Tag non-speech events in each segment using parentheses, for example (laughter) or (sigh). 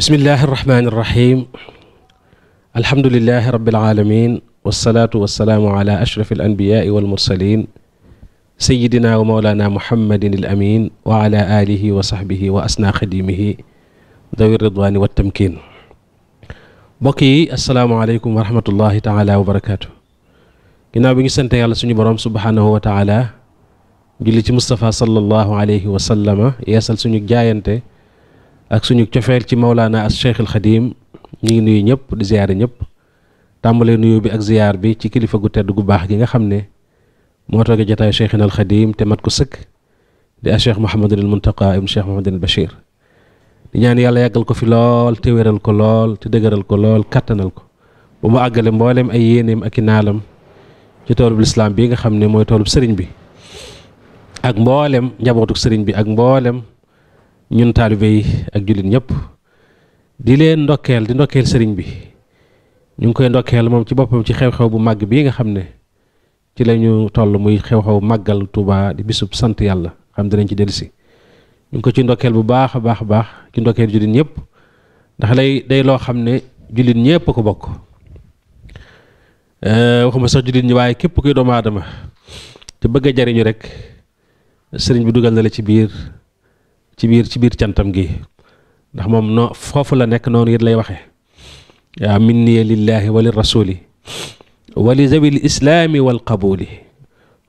bismillahi irrahmani irrahim alhamdulilahi rabilalamin walsalaatu walsalaamu ala ashraf alanbiyaai walmursalin sayidina wa maolana muhammadin al amin wa ala alihi wa saxbihi wa asna xadimihi dawi ridwaani wa tamkin mbokk yi asalaamualeykum wa rahmatullahi taala wa barakaatu ginnaaw bi ñu sant yàlla suñu borom subhaanahu wa taala julli ci Mustafa sallallahu alayhi wa sallama yeesal suñu jaayante ak suñu cofeel ci Mawlaana as Cheikh al ñu ngi nuyu ñëpp di ziyaare ñëpp tàmbalee nuyu bi ak ziyaar bi ci kilifa gu tedd gu baax gi nga xam ne moo toogee jotaayu Cheikhina al Xadim te mat ko sëkk di a Cheikh Mouhamadul Muntaqa ibn Cheikh Mouhamadul Bachir di ñaan yàlla yàggal ko fi lool te wéral ko lool te dëgëral ko lool kattanal ko ba mu àggale mbooleem ay yéeneem ak i naalam ci toolub lislaam bii nga xam ne mooy toolub sëriñ bi ak mboolem njabootuk sëriñ bi ak mboolem. ñun taalibe yi ak jullit ñëpp di leen ndokkeel di ndokkeel sëriñ bi ñu ngi koy ndokkeel moom ci boppam ci xew-xew bu màgg bii nga xam ne ci lañu toll muy xew-xew màggal Tuuba di bisub sant yàlla xam dinañ ci dellu si ñu ngi ko ci ndokkeel bu baax a baax a baax ci ndokkeel jullit ñëpp ndax lay day loo xam ne jullit ñëpp ko bokk waxuma sax jullit ñi waaye képp kuy doomu aadama te bëgg a jariñu rek sëriñ bi dugal na la ci biir ci biir ci biir cantam gi ndax moom noo foofu la nekk noonu it lay waxe yaa minniya lillaahi wa li rasuli wa islaami wal qabuli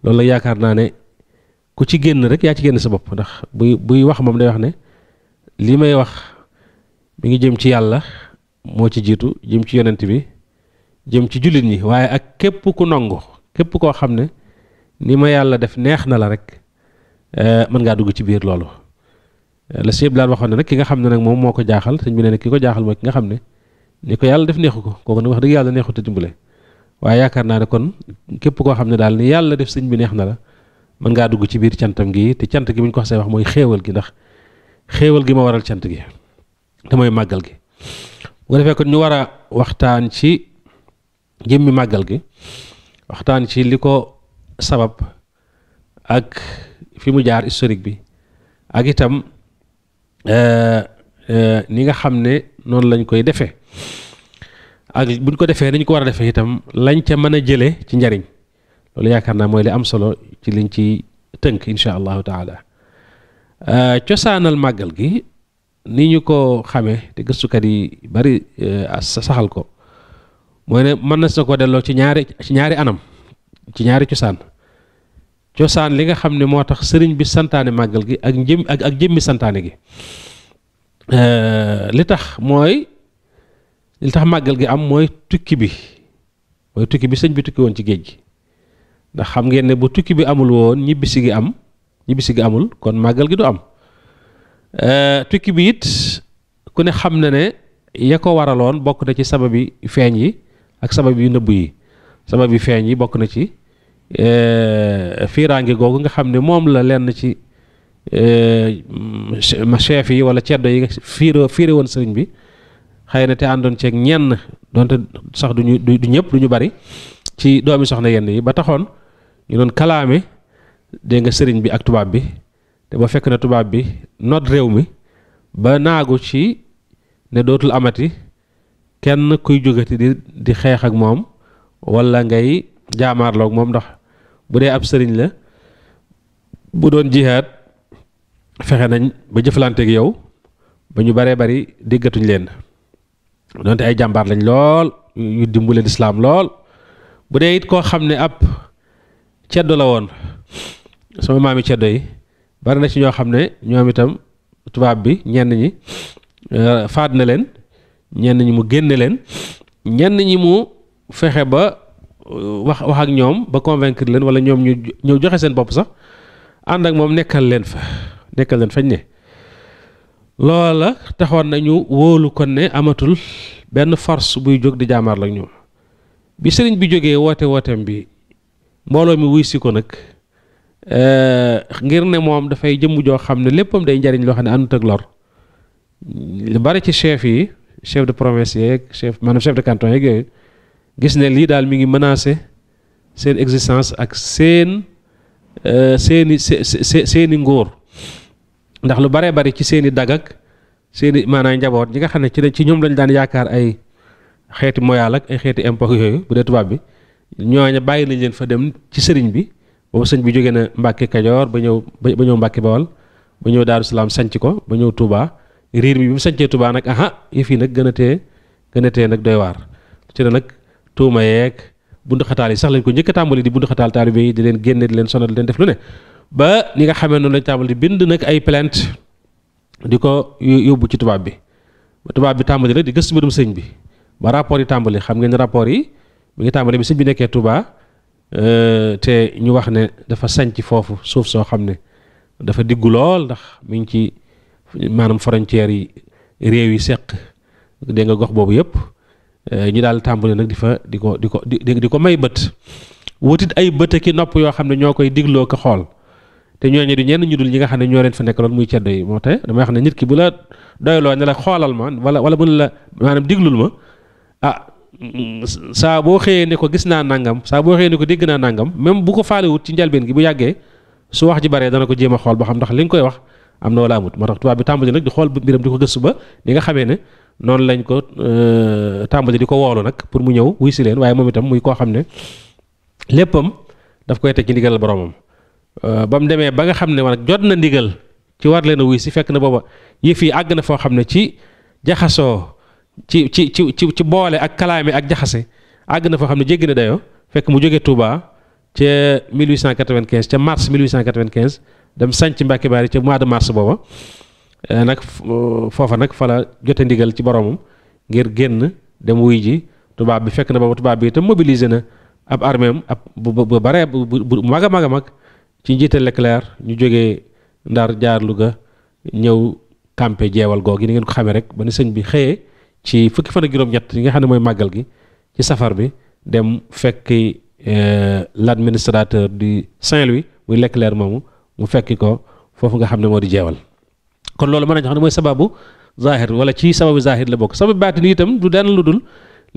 loolu la yaakaar naa ne ku ci génn rek yaa ci génn sa bopp ndax buy buy wax moom day wax ne li may wax mi ngi jëm ci yàlla moo ci jiitu jëm ci yonent bi jëm ci jullit ñi waaye ak képp ku nongu képp koo xam ne ni ma yàlla def neex na la rek eh, mën ngaa dugg ci biir loolu la sieb laan waxoon ne nag ki nga xam ne nag moom moo ko jaaxal sëñ bi ne nag ki ko jaaxal mooy ki nga xam ne ni ko yàlla def neexu ko kooku nag wax dëgg yàlla neexut a dimbale waaye yaakaar naa ne kon képp koo xam ne daal ni yàlla def sëñ bi neex na la mën ngaa dugg ci biir cantam gi te cant gi bu ñu ko xasee wax mooy xewal gi ndax xéewal gi ma waral cant gi te mooy màggal gi bu ko ñu war a waxtaan ci jëmmi màggal gi waxtaan ci li ko sabab ak fi mu jaar historique bi ak itam Euh, euh, ni nga xam ne noonu lañ koy defee ak buñ ko defee niñ ko war a defee itam lañ ca mën a jëlee ci njariñ loolu yaakaar naa mooy li am solo ci liñ ci tënk incha allahu taala euh, cosaanal màggal gi ni ñu ko xamee te gëstukat yi bari saxal ko mooy ne mën na sa ko delloo ci ñaari ci ñaari anam ci ñaari cosaan cosaan li nga xam ne moo tax sëriñ bi santaane màggal gi ak njëm ak ak jëmmi santaane gi euh, li tax mooy li tax màggal gi am mooy tukki bi mooy tukki bi sëñ bi tukki woon ci géej gi ndax xam ngeen ne bu tukki bi amul woon ñibbisi gi am ñibbisi gi amul kon màggal gi du am euh, tukki bi it ku ne xam na ne ya ko waraloon bokk na ci sababi feeñ yi ak sababi nëbb yi sababi feeñ yi bokk na ci Euh, fiiraange googu nga xam ne moom la lenn ci euh, chef yi wala ceddo yi fiiroo fiire woon sëriñ bi xëy na te àndoon ceeg ñenn donte sax duñu du ñëpp du ñu bari ci doomi soxna yenn yi ba taxoon ñu doon kalaame dégg nga sëriñ bi ak tubaab bi te ba fekk na tubaab bi noot réew mi ba naagu ci ne dootul amati kenn kuy jógati di xeex ak moom wala ngay jaamaarloog moom ndax bu dee ab sëriñ la bu doon jihaad fexe nañ ba jëflanteeg yow ba ñu baree bari déggatuñ leen doonte ay jàmbaar lañ lool yu dimbuleen islaam lool bu dee it koo xam ne ab ceddo la woon sama maami ceddo yi bari na ci ñoo xam ne ñoom itam tubaab bi ñenn ñi euh, faat na leen ñenn ñi mu génn leen ñenn ñi mu fexe ba wax wax ak ñoom ba convaincre leen wala ñoom ñu ñëw joxe seen bopp sax ànd ak moom nekkal leen fa nekkal leen fañ ne loola taxoon nañu wóolu ko ne amatul benn force buy jóg di jaamaar lak ñoom bi sëriñ bi jógee woote wooteem bi mbooloo mi wuy ko nag eh, ngir ne moom dafay jëmm joo xam ne léppam day njariñ loo xam ne àndut ak lor lu bari ci chef yi chef de province yeeg chef maanaam chef de canton yeeg yooyu gis ne lii daal mi ngi menacé seen existence ak seen euh, seeni seeni ngóor ndax lu baree bari ci seeni dagak seeni maanaam njaboot ñi nga xam ne ci ci ñoom lañ daan yaakaar ay xeeti moyaal ak ay xeeti impôt yooyu bu dee tubaab bi ñooña bàyyi nañ leen fa dem ci sëriñ bi boobu sëñ bi jógee na Mbàkke Kajoor ba ñëw ba ñëw Mbàkke Bawal ba ñëw Daaru Salaam sanc ko ba ñëw Touba riir mi bi mu sancee Touba nag aha yëf yi nag gën a tee gën a tee nag doy waar ci nag tuuma yeeg bundu xataal yi sax lañ ko njëkk a tàmbali di bundu xataal taalibe yi di leen génne di leen sonal di leen def lu ne ba ñi nga xamee noonu lañ tàmbali di bind nag ay plainte di ko yóbbu ci tubaab bi tubaab bi tàmbali rek di gëstu mbirum sëñ bi ba rapport yi tàmbali xam ngeen rapport yi mu ngi tàmbali bi sëñ bi nekkee Touba euh, te ñu wax ne dafa sanc foofu suuf soo xam ne dafa diggu lool ndax mi ngi ci maanaam frontières yi réew yi seq dégg nga Euh, ñu daal tàmbali nag di fa di ko di ko di di ko may bët wutit ay bët ki nopp yoo xam ne ñoo koy digloo ko xool te ñoo ñooñu du ñenn ñu dul ñi nga xam ne ñoo leen fa nekk loolu muy ceddo yi moo te damay xam ki bu la doyloo ne la xoolal wala wala bu la maanaam diglul ma ah, saa boo xëyee ne ko gis naa nangam saa boo xëyee ne ko dégg naa nangam même bu ko faalewut ci njalbeen gi bu yàggee su wax ji baree dana ko jéem a xool ba xam ndax li nga koy wax am na wala amut moo tax tubaab bi tàmbali nag di xool mbiram di ko gëstu ba li nga xamee ne noonu lañ ko euh, tàmbali di ko woolu nag pour mu ñëw wuy si leen waaye moom itam muy koo xam ne léppam daf koy teg ci ndigal boromam euh, ba mu demee ba nga xam ne nag jot na ndigal ci war leen a wuy si fekk na booba yëf yi àgg na foo xam ne ci jaxasoo ci ci ci ci ci boole ak kalaame ak jaxase àgg na foo xam ne jéggi na dayoo fekk mu jóge Touba ca 1895 ca mars 1895 dem sànci Mbàkke Baari ca mois de mars booba. Eh, nag eh, foofa nag fa la jote ndigal ci boromam ngir génn dem wuy ji tubaab bi fekk na booba tubaab bi itam mobilisé na ab armée ab bu bu bare bu mag a mag a mag ci njiital Leclerc ñu jóge Ndar jaar Louga ñëw campé jeewal googu ni ngeen ko xamee rek ba ni sëñ bi xëyee ci fukki fan ak juróom-ñett yi nga xam ne mooy màggal gi ci safar bi dem fekki eh, l'administrateur di Saint-Louis muy Leclerc moomu mu fekki ko foofu nga xam ne moo di jeewal kon loolu mën a xam ne mooy sababu zahir wala ci sababu zahir la bokk sababu baatin itam du daan lu dul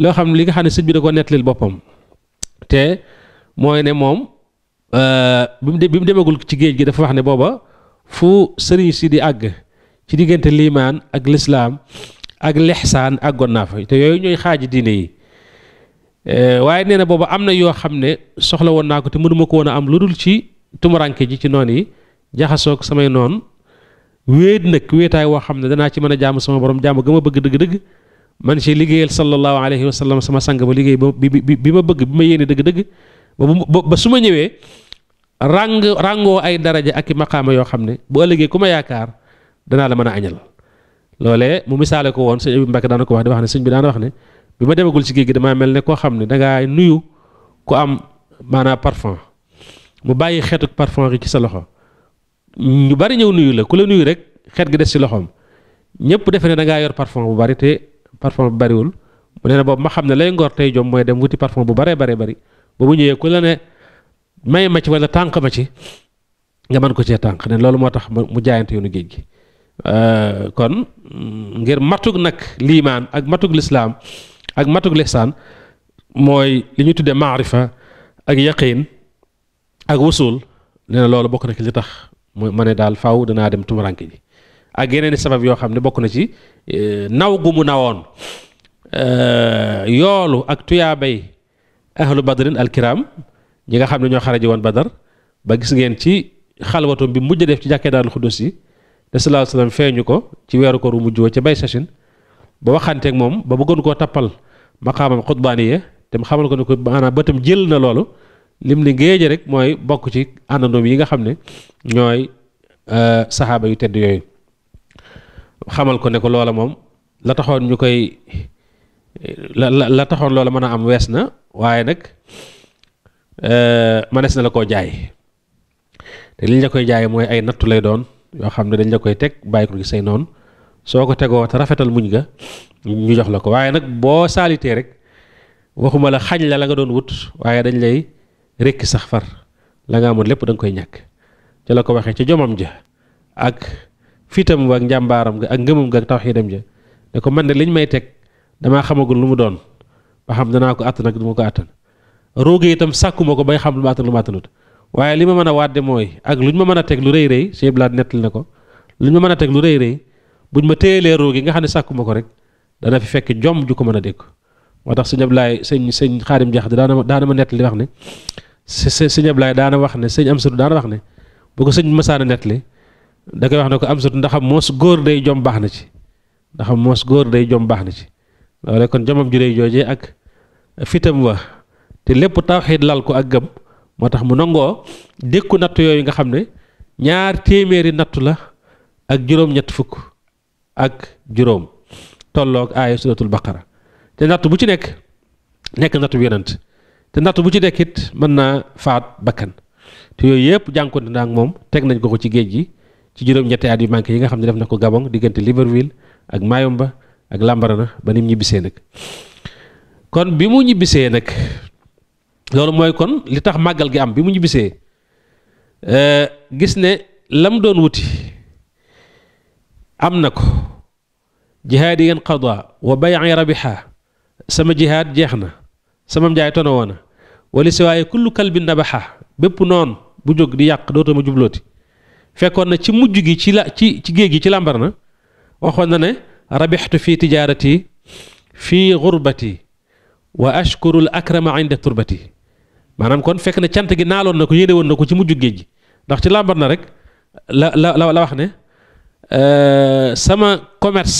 loo xam ne li nga xam ne sëñ bi da ko nettalil boppam te mooy ne moom euh, bi mu bi mu demagul ci géej gi dafa wax ne booba fu sëriñ si di àgg ci diggante liimaan ak lislaam ak lexsaan àggoon naa fa te yooyu ñooy xaaji diine yi euh, waaye nee na booba am na yoo xam ne soxla woon naa ko te mënuma ko woon a am lu dul ci tumuranke ji ci noon yi jaxasoog samay noon wéet nag wéetaay woo xam ne danaa ci mën a jàmm sama borom jaamu ga ma bëgg dëgg-dëgg man ci liggéeyal sallallahu alayhi wa sallam sama sang ba liggéey ba bi bi ma bëgg bi ma yéene dëgg-dëgg ba ba su ma ñëwee ràng ràngoo ay daraja ak i maqaama yoo xam ne bu ëllëgee ku ma yaakaar danaa la mën a añal loole mu misaale ko woon sëñ bi Mbacke daana ko wax di wax ne sëñ bi daana wax ne bi ma demagul ci géej gi damaa mel ne koo xam ne dangaa nuyu ku am maanaam parfum mu bàyyi xeetu parfum ci sa loxo ñu bari ñëw nuyu la ku la nuyu rek xet gi des ci loxoom ñëpp defe ne da ngaa yor parfum bu bari te parfum bu bariwul mu na boobu ma xam ne lay ngor tey jom mooy dem wuti parfum bu baree baree bari ba mu ñëwee ku la ne may ma ci wala tànk ma ci nga mën ko cee tànk ne loolu moo tax mu jaayante yoonu géej gi euh, kon ngir matug nag liimaan ak matug lislaam ak matug lihsaan mooy li ñu tuddee maarifa ak yaqiin ak wusul nee na loolu bokk na ci li tax mu ma ne daal faw danaa dem tumuranke ji ak yeneen i sabab yoo xam ne bokk na ci e, naw gu mu nawoon e, yoolu ak tuyaabay ahlu badrin alkiram ñi nga xam ne ñoo xaraji woon badar ba gis ngeen ci xalwatum bi mujj def ci jàkkee daal xudus yi te sallallahu alayhi feeñu ko ci weeru koor wu mujj wa ca bay sachin ba waxanteeg moom ba bëggoon koo tappal maqaamam xutbaaniya te mu xamal ko ne ko maanaam bëtam jël na loolu lim ne géeje rek mooy bokk ci àndandoom yi nga xam ne ñooy euh, saxaaba yu tedd yooyu xamal ko ne ko loola moom la taxoon ñu koy la la taxoon loola mën a am wees na waaye nag euh, mënees na la koo jaay te liñ la koy jaay mooy ay nattu lay doon yoo xam ne dañ la koy teg bàyyi ko gi say noonu soo ko tegoo te rafetal muñ ga ñu jox la ko waaye nag boo saalitee rek waxuma la xañ la la nga doon wut waaye dañ lay rekki sax far la nga amoon lépp da koy ñàkk ca la ko waxee ca jomam ja ak fitam wa ak njàmbaaram nga ak ngëmam ga ak tawxiidam ja ne ko man de liñ may teg damaa xamagul lu mu doon ba xam danaa ko àttan ak du ma ko àttan rooge itam sàkkuma ko bay xam lu lu ma àttanut li ma mën a waatde mooy ak luñ ma mën a teg lu rëy rëy sëñ Blaat nettali na ko luñ ma mën a teg lu rëy rëy buñ ma téyelee roogi nga xam ne sàkkuma ko rek dana fi fekk jom ju ko mën a dégg moo tax sëñ Ablaay sëñ sëñ Xaadim Jaxate daana ma daana ma nettali wax ne sëñ Ablaye daana wax ne sëñ am Amsatu daana wax ne bu ko sëñ masaana nettali da koy wax ne ko Amsatu ndaxam moos góor day jom na ci ndaxam moos góor day jom baax na ci loole kon jomam ju day joojee ak fitam wa te lépp tawxiid lal ko ak gëm moo tax mu nangoo dékku natt yooyu nga xam ne ñaar téeméeri nattu la ak juróom-ñett fukk ak juróom tolloog aaya suratul baqara te natt bu ci nekk nekk nattu yonent te nattu bu ci nekk mën naa faat bakkan te yooyu yëpp jànkoonte naa ak moom teg nañ ko ko ci géej gi ci juróom-ñetti at yu manqué yi nga xam ne def na ko Gabon diggante Libreville ak Mayomba ak Lambarana ba ni mu ñibbisee nag kon bi mu ñibbisee nag loolu mooy kon li tax màggal gi am bi mu ñibbisee euh, gis ne lam doon wuti am na ko jihaad yi ngeen qada wa bay'i rabiha sama jihaad jeex na sama njaay tono woona wala si waaye kullu kalbin nabaxa bépp noonu bu jóg di yàq dootoo ma jublooti fekkoon na ci mujj gi ci la ci ci géej gi ci làmbar na waxoon na ne rabixtu fi tijaarati fii xurbati wa ashkuru l akrama inda turbati maanaam kon fekk na cant gi naaloon na ko yéene woon na ko ci mujj géej gi ndax ci làmbar na rek la la la wax ne euh, sama commerce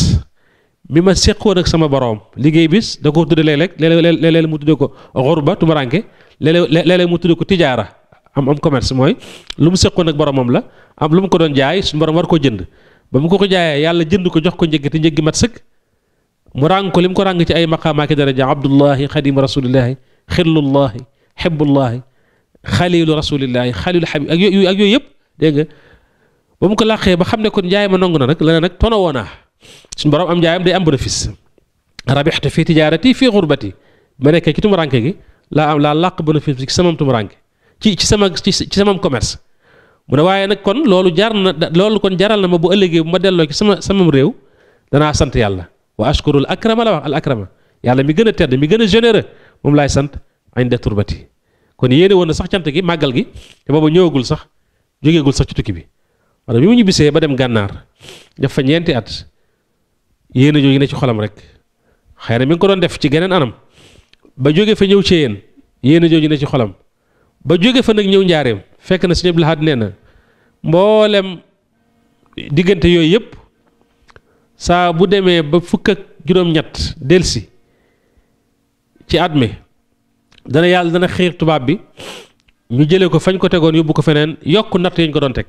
bi ma séqoon ak sama boroom liggéey bis da ko tudde léeg-léeg léeg-léeg mu tudde ko xurba tumuranke léeg-léeg léeg-léeg mu tudd ko tijaara am am commerce mooy lu mu nag ak boromam la am lu mu ko doon jaay suñu borom war koo jënd ba mu ko ko jaayee yàlla jënd ko jox ko njëg te njëg gi mat sëkk mu ràng ko li mu ko ràng ci ay maqaamaaki daraja abdullahi xadimu rasulillahi xillullahi xibullahi xalilu rasulillahi xalilu xabib ak yooyu ak yooyu yëpp dégg nga ba mu ko làqee ba xam ne kon njaay ma nongu na nag la ne nag tono woonaa suñu borom am njaayam day am bénéfice rabixtu fi tijaarati fi xurbati ma nekkee ci tumu rànke gi laa am laa làq bénéfice bi ci sama tumuranke ci ci sama commerce mu ne waaye nag kon loolu jar na loolu kon jaral na ma bu ëllëgee bu ma delloo ci sama samam réew danaa sant yàlla wa ashkurul akrama la wax al akrama yàlla mi gën a tedd mi gën a généreux moom laay sant inda turbati kon yéene woon na sax cant gi màggal gi te booba ñëwagul sax jógeegul sax ci tukki bi wala bi mu ñibbisee ba dem gànnaar def fa ñeenti at yéene jooju ne ci xolam rek xëy na mi ngi ko doon def ci geneen anam ba jóge fa ñëw ci yéen yéen a jooju ne ci xolam ba jóge fa nag ñëw njaareem fekk na si Abdul Ahad nee na mboolem diggante yooyu yëpp saa bu demee ba fukk ak juróom-ñett delsi ci at mi dana yàlla dana xiir tubaab bi ñu jëlee ko fañ ko tegoon yóbbu ko feneen yokk natt yañ ko doon teg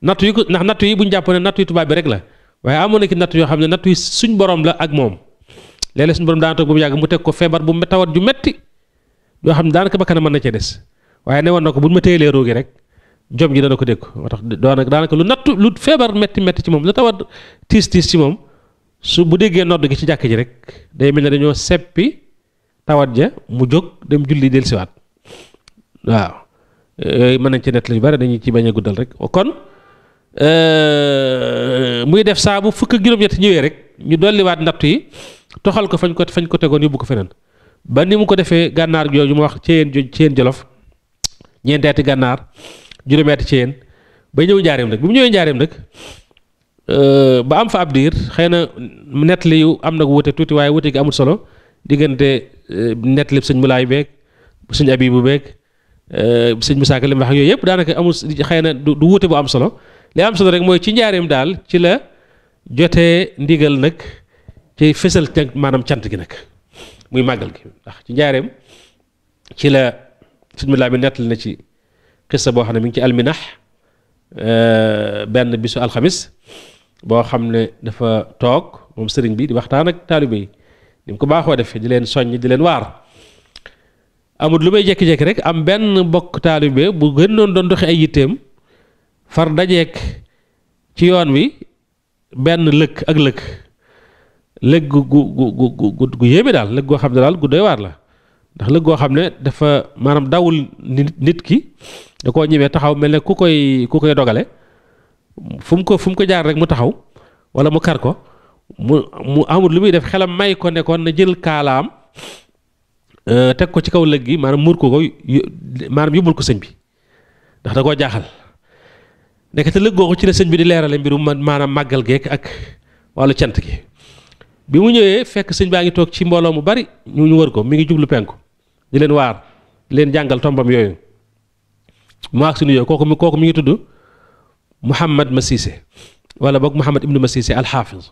natt yi ko ndax natt yi bu ñu jàpp ne natt yu tubaab bi rek la waaye amoon na ki natt yoo xam ne natt yi suñ boroom la ak moom léeg-léeg suñu borom daana toog ba mu yàgg mu teg ko feebar bu tawat ju metti yoo xam ne daanaka bakkanam mën na cee des waaye ne woon na ko bu ñu ma téyelee roogi rek jom gi dana ko dégg moo tax daanaka daanaka lu nattu lu feebar metti metti ci moom lu tawat tiis tiis ci moom su bu déggee nodd gi ci jàkk ji rek day mel ne dañoo seppi tawat ja mu jóg dem julli dellusiwaat waaw yooyu mën nañ ci nett lu bari dañuy ci bañ a guddal rek kon euh, muy def saa bu fukk juróom-ñett ñëwee rek ñu dolliwaat natt yi toxal ko fañ ko fañ ko tegoon yóbbu ko feneen ba ni mu ko defee gànnaar yooyu ma wax ci yéen ci yéen jolof ñeenti ati gànnaar juróomi ati ci ba ñëw njaareem nag bi mu ñëwee njaareem nag euh, ba am fa ab diir xëy na nettali yu am nag wute tuuti waaye wute gi amul solo diggante euh, nettali sëñ Mulaay beeg sëñ Abibu beeg euh, sëñ Musaa Ka li mu wax yooyu yëpp daanaka amul xëy na du wute bu am solo li am solo rek mooy ci njaareem daal ci la jotee ndigal nag. ci fësal tënk maanaam cant gi nag muy màggal gi ndax ci njaareem ci la sëñ bi nettal na ci xissa boo xam ne mi ngi ci alminax euh, benn bisu alxamis boo xam ne dafa toog moom sëriñ bi di waxtaan ak taalibe yi ni mu ko baaxoo defee di leen soññ di leen waar. amul lu may jékki-jékki rek am benn bokk taalibe bu gën doon doon doxee ay yitteem far dajeek ci yoon wi benn lëkk ak lëkk. lëg gu gu daal lëg goo xam ne daal gu doy waar la ndax lëg goo xam ne dafa maanaam dawul nit nit ki da koo ñemee taxaw mel ne ku koy ku koy dogale fu mu ko fu mu ko jaar rek mu taxaw wala mu kar ko mu mu amul lu muy def xelam may ko ne na jël kaalaam euh, teg ko ci kaw lëg gi maanaam muur ko ko maanaam yóbbul ko sëñ bi ndax da koo jaaxal nekk te lëg googu ci la sëñ bi di leerale mbirum maanaam màggal geek ak wàllu cant gi. bi mu ñëwee fekk sëñ baa ngi toog ci mbooloo mu bari ñu ñu wër ko mi ngi jublu penku di leen waar leen jàngal tombam yooyu mu ak suñu yooyu kooku mi kooku mi ngi tudd Mouhamad Massissé wala boog Mouhamad Ibnu Massissé alxaafis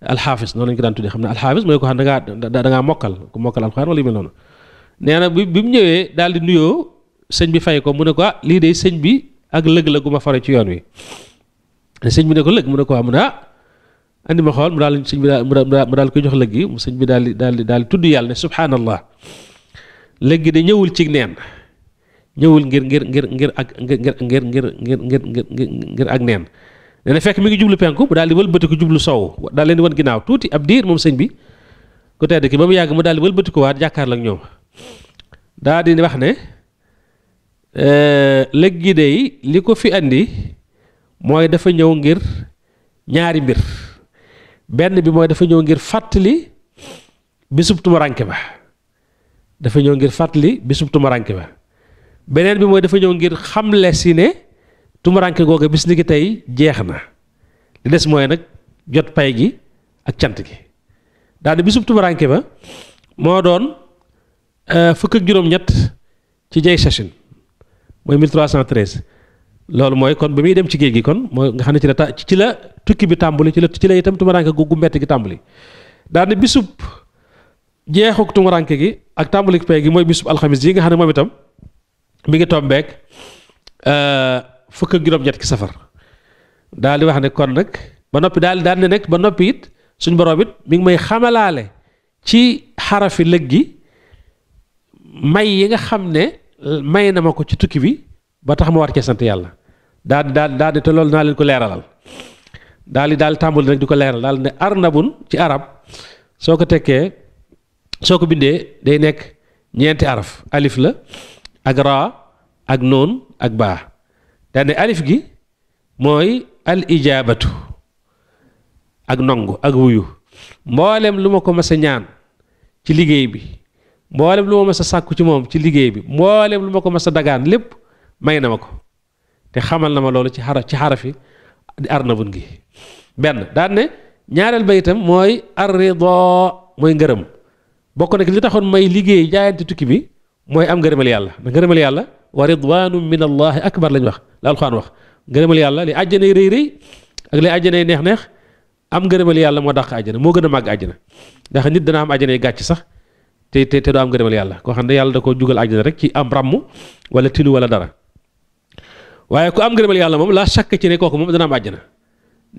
alxaafis noonu lañu ko daan tuddee xam ne alxaafis mooy ko xam da ngaa mokkal ku mokkal alxuraan wala yu nee na bi bi mu ñëwee daal di nuyoo sëñ bi fay ko mu ne ko ah lii de sëñ bi ak lëg la gu ma fare ci yoon wi sëñ bi ne ko lëg mu ne ko ah mu ne ah andi ma xool mu daal sëñ bi daal mu daal koy jox lëg gi sëñ bi daal di daal di daal tudd yàlla ne subhaanallah lëg gi de ñëwul ci neen ñëwul ngir ngir ngir ngir ak ngir ngir ngir ngir ngir ngir ngir ak neen nee na fekk mi ngi jublu penku mu daal di wëlbati ko jublu sow daal leen di wan ginnaaw tuuti ab diir moom sëñ bi ku tedd ki ba mu yàgg mu daal di wëlbati ko waat jàkkaarloo ak ñoom daal di wax ne e, lëg gi de li ko fi andi mooy dafa ñëw ngir ñaari mbir. benn bi mooy dafa ñëw ngir fàttali bisub tumaranke ba dafa ñëw ngir fàttali bisub tumaranke ba beneen bi mooy dafa ñëw ngir xamle si ne tumaranke googa bis ni ki tey jeex na li des mooy nag jot pay gi ak cant gi daane bisub tumaranke ba moo doon euh, fukk ak juróom-ñett ci jay sachin mooy 1313 loolu mooy kon ba muy dem ci géej gi kon mooy nga xam ne ci la ta ci la tukki bi tàmbali ci la ci la itam tumuraanke gu metti gi tàmbali daane bisub jeexuk tumuraanke gi ak tàmbalik pay gi mooy bisub alxamis yi nga xam ne moom itam mi ngi tombeek euh, fukk ak juróom-ñett ki daal di wax ne kon nag ba noppi daal di daan ne ba noppi it suñ borom it mi ngi may xamalaale ci xarafi gi may yi nga xam ne may na ma ko ci tukki bi ba tax ma war cee sant yàlla daal daal daal di te loolu naa leen ko leeralal daal di daal tàmbali nag di ko leeral daal ne arnabun ci arab soo ko tekkee soo ko bindee day nekk ñeenti araf alif la ak raa ak noon ak baa daal alif gi mooy al ijaabatu ak nongu ak wuyu mboolem lu ma ko mas a ñaan ci liggéey bi mboolem lu ma mas a sàkku ci moom ci liggéey bi mboolem lu ma ko mas a dagaan lépp may na ma ko te xamal na ma loolu ci xara ci xarafi arnabun gi benn daan ne ñaareel ba itam mooy ar arrido mooy ngërëm bokk na li taxoon may liggéey jaayante tukki bi mooy am ngërëmal yàlla na ngërëmal yàlla wa ridwanu min allahi akbar lañ wax la alxuraan wax ngërëmal yàlla li àjjanay rëy rëy ak li yi neex neex am ngërëmal yàlla moo dàq àjjana moo gën a màgg àjjana ndax nit dana am àjjanay gàcc sax te te te doo am ngërëmal yàlla koo xam ne yàlla da ko jugal àjjana rek ci am ràmm wala tilu dara waaye ku am ngërëmal yàlla moom laa sàkk ci ne kooku moom dana am àjjana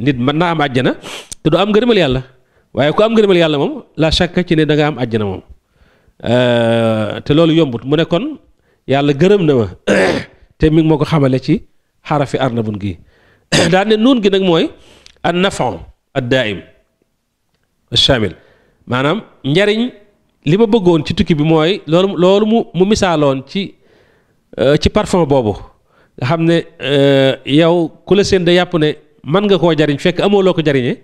nit man naa am àjjana te du am ngërëmal yàlla waaye ku am ngërëmal yàlla moom laa sàkk ci ne da nga am àjjana moom euh, te loolu yombut mu ne kon yàlla gërëm na ma (coughs) te mi moo ko xamale ci xarafi arnabun gi (coughs) daan ne nuun gi nag mooy an nafon ad daaim chamil maanaam njariñ li ma bëggoon ci tukki bi mooy loolu loolu mu mu misaaloon ci euh, ci parfum boobu nga xam ne eh, yow ku la seen da yàpp ne man nga koo jariñ fekk amoo loo ko jariñee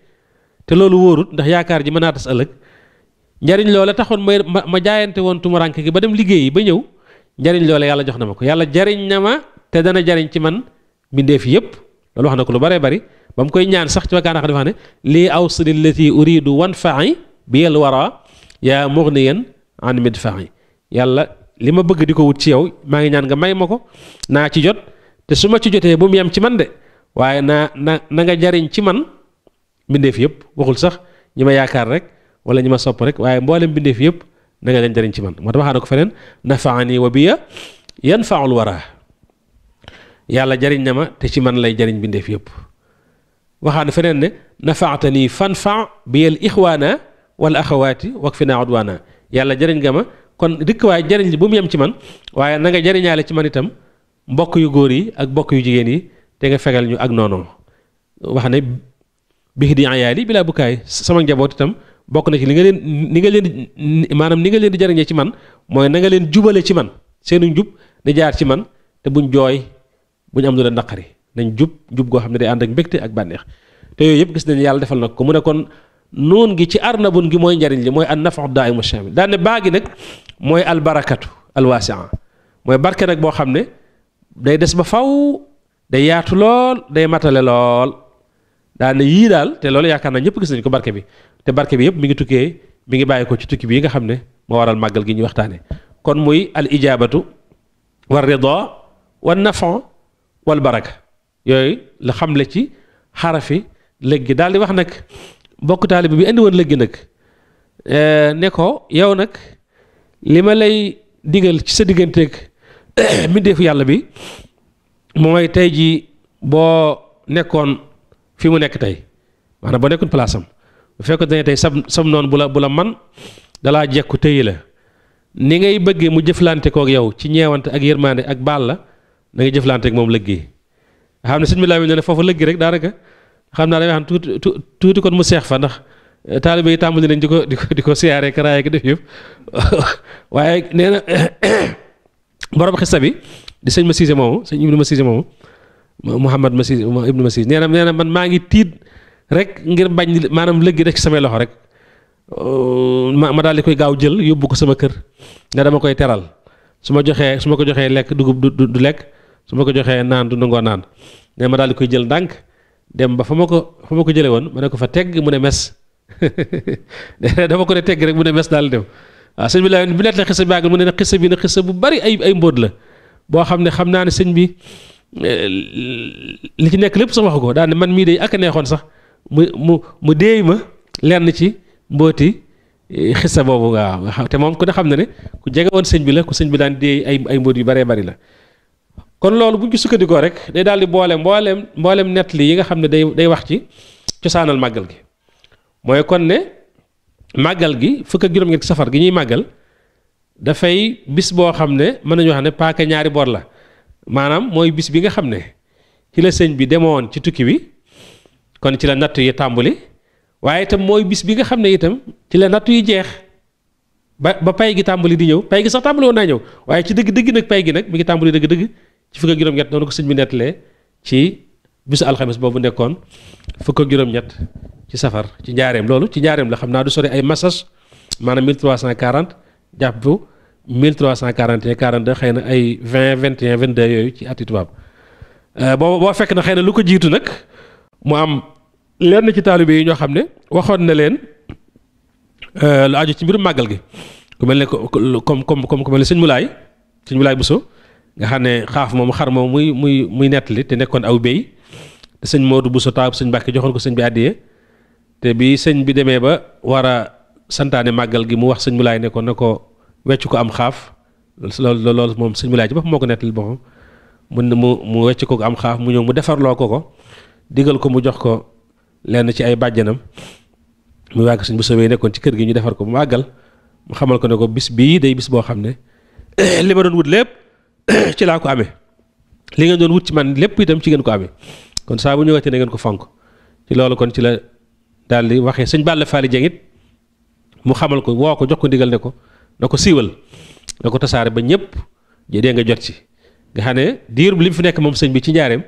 te loolu wóorut ndax yaakaar ji mën naa tas ëllëg njariñ loola taxoon ma ma jaayante woon tumuranke gi ba dem liggéeyi ba ñëw njariñ loole yàlla jox na ma ko yàlla jariñ na ma te dana jariñ ci man mbindeef yépp loolu wax na ko lu baree bari ba mu koy ñaan sax ci bakkaanax dafa ne lii aw awsili lati uridu wan faxi bi yel wara yaa mughniyan an mid faxi yàlla li ma bëgg di ko wut ci yow maa ngi ñaan nga may ma ko naa ci jot te su ma ci jotee bu mu yem ci man de waaye naa na na nga jariñ ci man mbindeef yëpp waxul sax ñi ma yaakaar rek wala ñi ma sopp rek waaye mboolem mbindeef yëpp na nga jariñ ci man moo tax waxaa na ko feneen nafaani wa biya yanfaul wara yàlla jariñ na ma te ci man lay jariñ mbindeef yëpp waxaa na feneen ne nafaatani fanfa biyal ixwaana wal axawaati wakfina udwaana yàlla jariñ nga ma kon dikk waaye jariñ li bu mu yem ci man waaye na nga jariñaale ci man itam mbokk yu góor yi ak mbokk yu jigéen yi te nga fegal ñu ak noonu wax ne bi di yaali bi laa bukkaay sama njaboot itam bokk na ci li nga leen ni nga leen di maanaam ni nga leen di jariñee ci man mooy na nga leen jubale ci man seenu jub di jaar ci man te buñ jooy buñ am lu leen naqari nañ jub jub goo xam ne day ànd ak mbégte ak bànneex te yooyu yëpp gis nañ yàlla defal nag ko mu ne kon noon gi ci arnabun gi mooy njariñ li mooy an nafaxu daayimu chamil daane baa gi nag mooy albarakatu alwasia mooy barke nag boo xam ne day des ba faw day yaatu lool day matale lool daane yii daal te loolu yaakaar nañ ñëpp gis nañ ko barke bi te barke bi yëpp mu ngi tukkee mi ngi bàyyi ko ci tukki yi nga xam ne moo waral màggal gi ñu waxtaane kon muy al ijaabatu war rida wa nafon wal baraka yooyu la xamle ci xarafi léegi daal di wax nag bokk taalibe bi indi woon léegi nag eh, ne ko yow nag li ma lay digal ci sa digganteeg (coughs) mbindeefu yàlla bi mooy tey jii boo nekkoon fi mu nekk tey maanaam boo nekkoon place am bu fekkoon ne tey sab sab noonu bu la bu la man dalaa jekku téye la ni ngay bëggee mu jëflante kook yow ci ñeewante ak yërmande ak baal la da ngay jëflante ak moom lëggee xam ne sëñ bi laa ne foofu lëggi rek daanaka xam naa damay xam tuuti tuuti kon mu seex fa ndax eh, taalibe yi tàmbali nañ di ko di ko di ko siyaaree karaay def yëpp (coughs) waaye nee na (coughs) borom xista bi di sëñ ma siise moomu sëñ ibnu ma siise moomu Mouhamad ma siise ibnu nee na nee na man maa ngi tiit rek ngir bañ maanaam lëggi def ci samay loxo rek ma ma daal di koy gaaw jël yóbbu ko sama kër ne dama koy teral su ma joxee su ma ko joxee lekk dugub du du lekk su ma ko joxee naan du nangoo naan ne ma daal di koy jël ndànk dem ba fa ma ko fa ma ko jëlee woon ma ne ko fa tegg mu ne mes (laughs) dama ko ne tegg rek mu ne mes daal di dem waaw sëñ bi Lamin bi nett la xisa bi àggal mu ne ne xisa bi ne xisa bu bari ay ay mbóot la boo xam ne xam naa ne sëñ bi eh, li ci nekk lépp sax wax daal ne man mii de ak neexoon sax mu mu mu déey ma lenn ci mbóoti eh, xisa boobu waaw te moom ku ne xam na ne ku jege woon sëñ bi la sëñ bi daan déey ay ay mbóot yu baree bari la kon loolu bu ñu rek day daal di boole mbooleem mbooleem nett li yi nga xam ne day day wax ci cosaanal màggal gi mooy kon ne màggal gi fukk ak juróom-ñetti safar gi ñuy màggal dafay bis boo xam ne mën nañu wax ne paaka ñaari bor la maanaam mooy bis bi nga xam ne ci la sëñ bi demoon ci tukki bi kon ci la natt yi tàmbali waaye itam mooy bis bi nga xam ne itam ci la natt yi jeex ba ba pay gi tàmbali di ñëw pay gi sax tàmbali woon naa ñëw waaye ci dëgg-dëgg nag pay gi nag mu ngi tàmbali dëgg-dëgg ci fukk ak juróom-ñett noonu ko sëñ bi nettalee ci bisu alxames boobu nekkoon fukk ak ci safar ci njaareem loolu ci njaareem la xam naa du sore ay massage maanaam 1340 jàpp 1341 42 xëy na ay 20 21 22 yooyu ci ati tubaab euh, boo boo fekk na xëy na lu ko jiitu nag mu am lenn ci taalibe yi ñoo xam ne waxoon na leen euh, lu aju ci mbirum màggal gi ku mel ne comme comme comme ku mel ne sëñ Mulaay sëñ Mulaay Buso nga xam ne xaaf moom xar moom muy muy muy nettali te nekkoon aw béy te sëñ Moodu Buso taab sëñ Mbàkke joxoon ko sëñ bi te bi sëñ bi demee ba war a santaane màggal gi mu wax sëñ Mulaay ne ko na ko wecc ko am xaaf loolu loolu moom sëñ Mulaay ci boppam moo ko nettali boppam mu mu mu wecc ko am xaaf mu ñëw mu defarloo ko ko digal ko mu jox ko lenn ci ay bàjjanam mu wàgg sëñ bu sawee nekkoon ci kër gi ñu defar ko mu màggal mu xamal ko ne ko bis bii day bis boo xam ne (clears throat) li ma doon wut lépp (clears throat) ci laa ko amee li ngeen doon wut ci man lépp itam ci ngeen ko amee kon saa bu ñëwatee na ngeen ko fonk ci loolu kon ci la. daal di waxee sëñ Balla Faali Jeng it mu xamal ko woo ko jox ko ndigal ne ko na ko siiwal na ko tasaare ba ñëpp dee nga jot ci. nga xam ne diir bi li mu fi nekk moom sëñ bi ci njaareem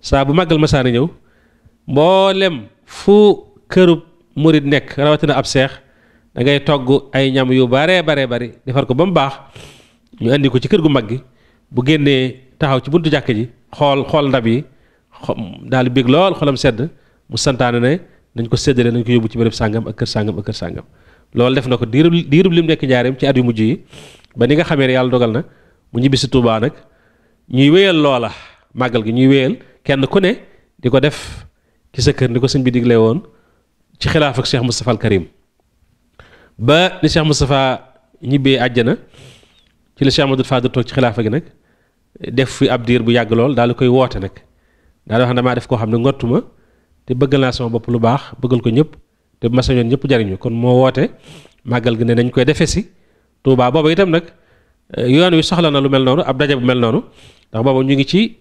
saa bu màggal masaana ñëw mboolem fu këru murid nekk rawatina ab seex da ngay togg ay ñam yu baree baree bari defar ko ba mu baax ñu indi ko ci kër gu mag gi bu génnee taxaw ci buntu jàkk ji xool xool ndab yi daal di bég lool xolam sedd mu santaane ne nañ ko séddale nañ ko yóbbu ci bërëb sàngam ak kër sàngam ak kër sàngam loolu def na ko diirub diirub lim nekk njaareem ci at yu mujj yi ba ni nga xamee ne yàlla dogal na mu ñibbi si Tuubaa nag ñuy wéyal loola màggal gi ñuy wéyal kenn ku ne di ko def ci sa kër ni ko sëñ bi digle woon ci xilaaf ak Cheikh Moustapha al Karim ba ni Cheikh Moustapha ñibbee àjjana ci la Cheikh Amadou Fadil toog ci xilaafa gi nag def fi ab diir bu yàgg lool daal di koy woote nag daal di ne damaa def koo xam ne ngottuma te bëggal naa sama bopp lu baax bëggal ko ñëpp te bu ma sañoon ñëpp jariñu kon moo woote màggal gi ne nañ koy defee si Touba booba itam nag eh, yoon wi soxla na lu mel noonu ab daje bu mel noonu ndax booba ñu ngi ci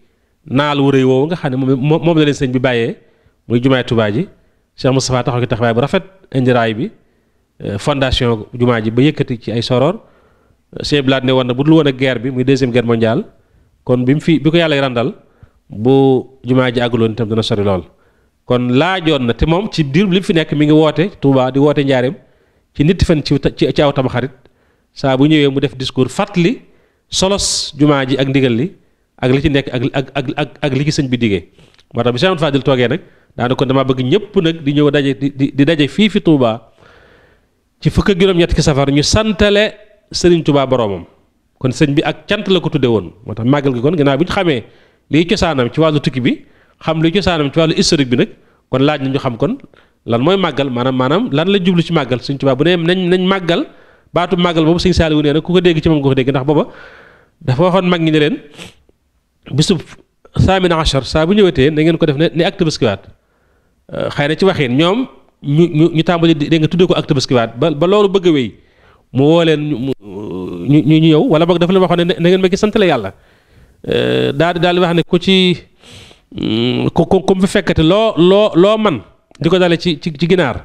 naal wu rëy woowu nga xam ne moom moom la leen sëñ bi bàyyee muy jumaay tubaa ji Cheikh Moustapha taxaw ci taxawaay bu rafet indiraay bi eh, fondation jumaa ji ba yëkkati ci ay soroor Cheikh Blade ne woon na bu dul woon ak bi muy deuxième guerre mondiale kon bi mu fi bi ko yàlla randal bu jumaa ji àgguloon itam dana lool. kon laajoon na te moom ci diir li fi nekk mi ngi woote Touba di woote njaareem ci nit fan ci ci aw tamxarit saa bu ñëwee mu def discours fàttali solos jumaa ji ak ndigal li ak li ci nekk ak ak ak ak li ci sëñ bi diggee moo tax bi Cheikh Fadil toogee nag daana kon damaa bëgg ñëpp nag di ñëw daje di di daje fii fi Touba ci fukk ak juróom-ñett ki safar ñu santale Serigne Touba boroomam kon sëñ bi ak cant la ko tudde woon moo tax màggal gi kon ginnaaw bi ñu xamee liy cosaanam ci wàllu tukki bi. xam luy cosaanam ci wàllu historique bi nag kon laaj na ñu xam kon lan mooy màggal maanaam maanaam lan la jublu ci màggal Sëñ Tuubaa bu ne nañ nañ màggal baatu màggal boobu Sëñ Saaliwu nee na ku ko dégg ci moom nga ko dégg ndax booba dafa waxoon mag ñi ne leen bisub saamina achar saa bu ñëwatee na ngeen ko def ne ni ak tabaskiwaat euh, xëy na ci waxin ñoom ñu ñu ñu tàmbali dégg nga tuddee ko ak tabaskiwaat ba ba loolu bëgg a wéy mu woo leen ñu ñu ñëw wala boog dafa leen waxoon ne na ngeen ma ki sant la yàlla euh, daal di daal di wax ne ku ci ku ku ku mu fi fekkati loo loo loo man di ko dale ci ci ginaar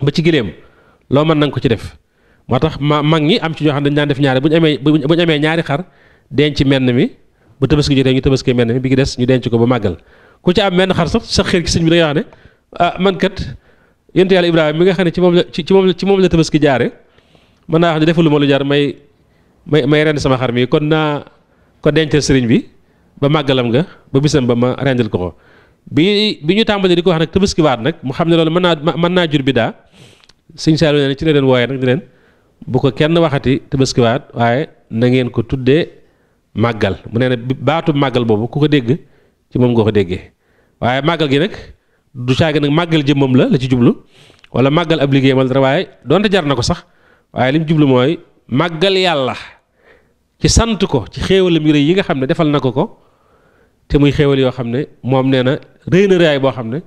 ba ci giléem loo man na ko ci def moo tax ma mag ñi am ci ñoo xam dañ daan def ñaari bu ñu amee bu ñu ñaari xar denc menn mi bu tabaski jotee ñu tabaskee menn mi bi gi des ñu denc ko ba màggal ku ci am menn xar sax sax xër ci sëñ bi da nga wax ne ah, man kat yonent yàlla Ibrahima mi nga xam ne ci moom la ci moom la ci moom la tabaski jaare mën naa wax ne defaluma lu jar may may may ren sama xar mi kon naa ko dencal sëriñ bi ba màggalam nga ba bisam ba ma rendil ko ko bi bi ñu tàmbali di ko wax nag tabaski nag mu xam ne loolu mën naa mën naa jur bidaa sëñ Saalum ne ci la leen wooyee nag di leen bu ko kenn waxati tabaski waaye na ngeen ko tuddee màggal mu ne ne baatu màggal boobu ku ko dégg ci moom nga ko déggee waaye màggal gi nag du caagi nag màggal jëmmam la la ci jublu wala màggal ab liggéeyam dara waaye donte jar na ko sax waaye li jublu mooy màggal yàlla ci sant ko ci xéewalam yu rëy yi nga xam ne defal na ko ko. te muy xéewal yoo xam ne moom nee na rëy na boo xam ne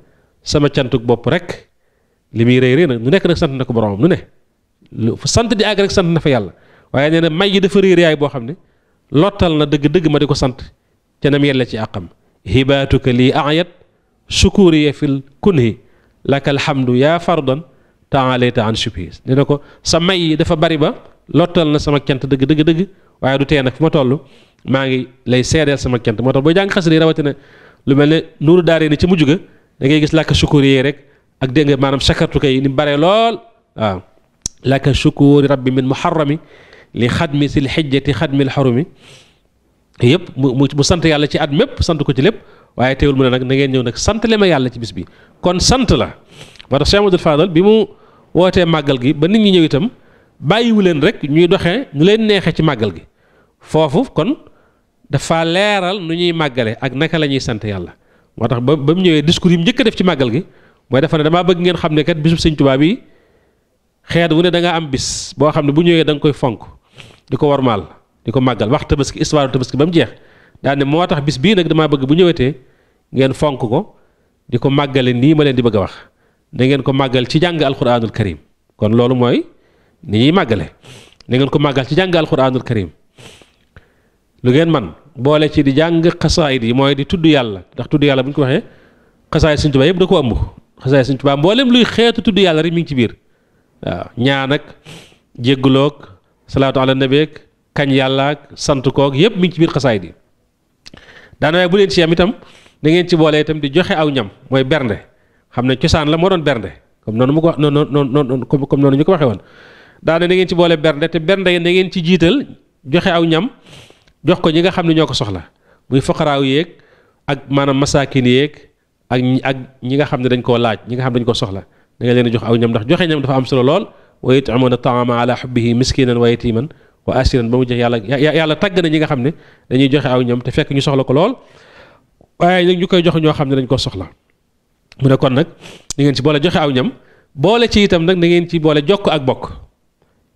sama cantuk bopp rek li muy rëy rëy na nu nekk nag sant na ko boromam nu ne lu sant di àgg rek sant na fa yàlla waaye nee na may yi dafa rëy rëyaay boo xam ne lottal na dëgg dëgg ma di ko sant ca nam yella ci àqam hibaatuka lii ayat sukuriya fil kunhi laka alhamdu yaa fardan taalayta an subhis nee ne ko sa may yi dafa bari ba lottal na sama cant dëgg dëgg dëgg waaye du tee nag fu ma toll maa ngi lay seedeel sama cant moo tax boo jàng xasida yi rawatina lu mel ne nuuru daaree ni ci mujj ga da ngay gis làkk sukuri yi rek ak dégg nga maanaam sakartu kay ni mu baree lool waaw làkk sukuri rabbi min muharrami li xadmi sil xijjati xadmil xarumi yëpp mu mu sant yàlla ci at mépp sant ko ci lépp waaye teewul mu ne nag na ngeen ñëw nag sant le ma yàlla ci bis bi kon sant la moo tax Cheikh Amadou bi mu wootee màggal gi ba nit ñi ñëw itam bàyyiwu leen rek ñuy doxee ñu leen neexee ci màggal gi foofu kon dafa leeral nu ñuy màggale ak naka la ñuy sant yàlla moo tax ba ba mu ñëwee discours yi mu njëkk def ci màggal gi mooy dafa ne damaa bëgg ngeen xam ne kat bisub sëñ Tuubaa bi xeet wu ne da ngaa am bis boo xam ne bu ñëwee da koy fonk di ko warmaal di ko màggal wax tabaski histoire tabaski ba mu jeex daal moo tax bis bii nag damaa bëgg bu ñëwatee ngeen fonk ko di ko màggale nii ma leen di bëgg a wax da ngeen ko màggal ci jàng alxuraanul karim kon loolu mooy. ni ñuy màggale ni ngeen ko màggal ci jàng alquranul karim lu ngeen man boole ci di jàng xasaayid yi mooy di tudd yàlla ndax tudd yàlla bu ñu ko waxee xasaayid Sëñ Tuubaa yëpp da ko ëmb xasaayid Sëñ Tuubaa mboolem luy xeetu tudd yàlla rek mi ngi ci biir waaw ñaan ak jégguloog salaatu ala nabi kañ yàlla ak sant koog yëpp mi ngi ci biir xasaayid yi daana bu leen ci am itam da ngeen ci boole itam di joxe aw ñam mooy bernde xam ne cosaan la moo doon bernde comme noonu mu ko noonu ñu ko waxee daane da ngeen ci boole bernde te bernde yi da ngeen ci jiital joxe aw ñam jox ko ñi nga xam ne ñoo ko soxla muy foqaraaw yeeg ak maanaam masaakin yeeg ak ak ñi nga xam ne dañ koo laaj ñi nga xam dañ ko soxla da nga leen jox aw ñam ndax joxe ñam dafa am solo lool wa yut'imuna ta'ama ala hubbihi miskinan wa yatiman wa asiran ba mu jeex yàlla yàlla tàgg na ñi nga xam ne dañuy joxe aw ñam te fekk ñu soxla ko lool waaye nag ñu koy jox ñoo xam ne dañ ko soxla mu ne kon nag da ngeen ci boole joxe aw ñam boole ci itam nag da ngeen ci boole jox ko ak bokk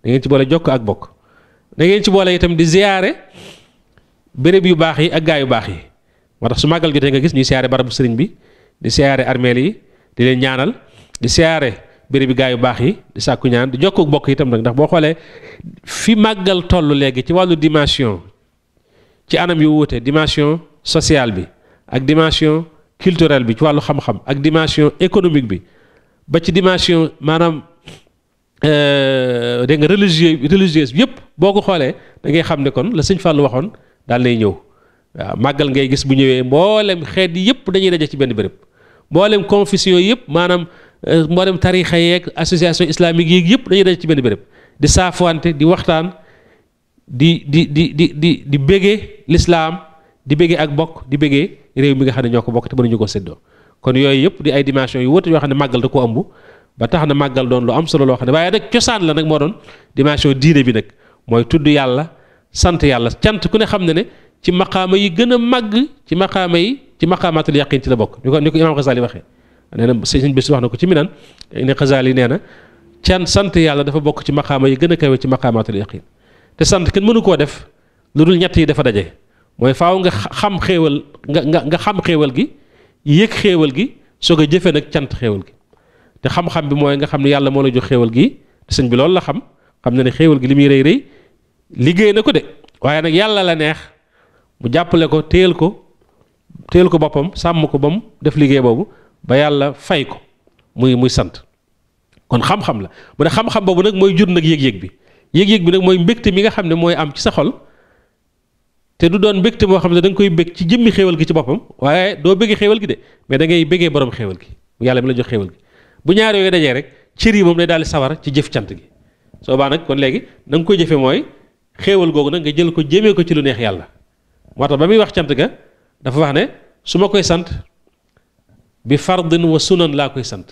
da ngeen ci boole jokk ak bokk da ngeen ci boole itam di ziyaare béréb yu baax yi ak gaa yu baax yi moo tax su màggal jotee nga gis ñuy siyaare barabu sëriñ bi di siyaare armeel yi di leen ñaanal di siyaare béréb bi gaa yu baax yi di sàkku ñaan di jokk bokk itam nag ndax boo xoolee fi màggal tollu léegi ci wàllu dimension ci anam yi wuute dimension sociale bi ak dimension culturelle bi ci wàllu xam-xam ak dimension économique bi ba ci dimension Euh, dégg nga religieux religieuse yëpp boo ko xoolee da ngay xam ne kon la sëñ Fallou waxoon daal lay ñëw waaw màggal ngay gis bu ñëwee mboolem xeet yëpp dañuy daje ci benn bërëb mboolem confession yëpp maanaam euh, mboolem tarixa yeeg association islamique yeeg yëpp dañuy daje ci benn béréb di saafuwante di waxtaan di di di di di di béggee lislaam di béggee ak bokk di béggee réew mi nga xam ne ñoo ko bokk te mënuñu ko séddoo kon yooyu yëpp di ay dimension yu wute yoo xam ne màggal da koo ëmb ba tax na màggal doon lu am solo loo xam ne waaye nag cosaan la nag moo doon dimension diine bi nag mooy tudd yàlla sant yàlla cant ku ne xam ne ne ci maqaama yi gën a màgg ci maqaama yi ci maqaamaatul yaqin ci la bokk ko ni ko imaam Xasaali waxee nee na sëñ bis wax na ko ci minan ne Xasaali nee na can sant yàlla dafa bokk ci maqaama yi gën a kawe ci maqaamaatul yaqin te sant kenn mënu koo def lu dul ñett yi dafa daje mooy faaw nga xam xéewal nga nga nga xam xéewal gi yëg xéewal gi soog a jëfee nag cant xéewal gi te xam-xam bi mooy nga xam ne yàlla moo la jox xéewal gi sëñ bi loolu la xam xam na ne xéewal gi li muy rey rey liggéey na ko de waaye nag yàlla la neex mu jàppale ko téyel ko téyel ko boppam sàmm ko ba mu def liggéey boobu ba yàlla fay ko muy muy sant kon xam-xam la mu ne xam-xam boobu nag mooy jur nag yëg-yëg bi yëg-yëg bi nag mooy mbégte mi nga xam ne mooy am ci sa xol te du doon mbégte moo xam ne da koy bég ci jëmmi xewal gi ci boppam waaye doo bëggee xéewal gi de mais da ngay bëggee borom xéewal gi yàlla mi la jox xéewal bu ñaar yooyu dajee rek cër yi moom day daal di sawar ci jëf cant gi soo baa nag kon léegi nanga koy jëfe mooy xéewal googu nag nga jël ko jëmee ko ci lu neex yàlla moo tax ba muy wax cant ga dafa wax ne su ma koy sant bi fardin wa sunan laa koy sant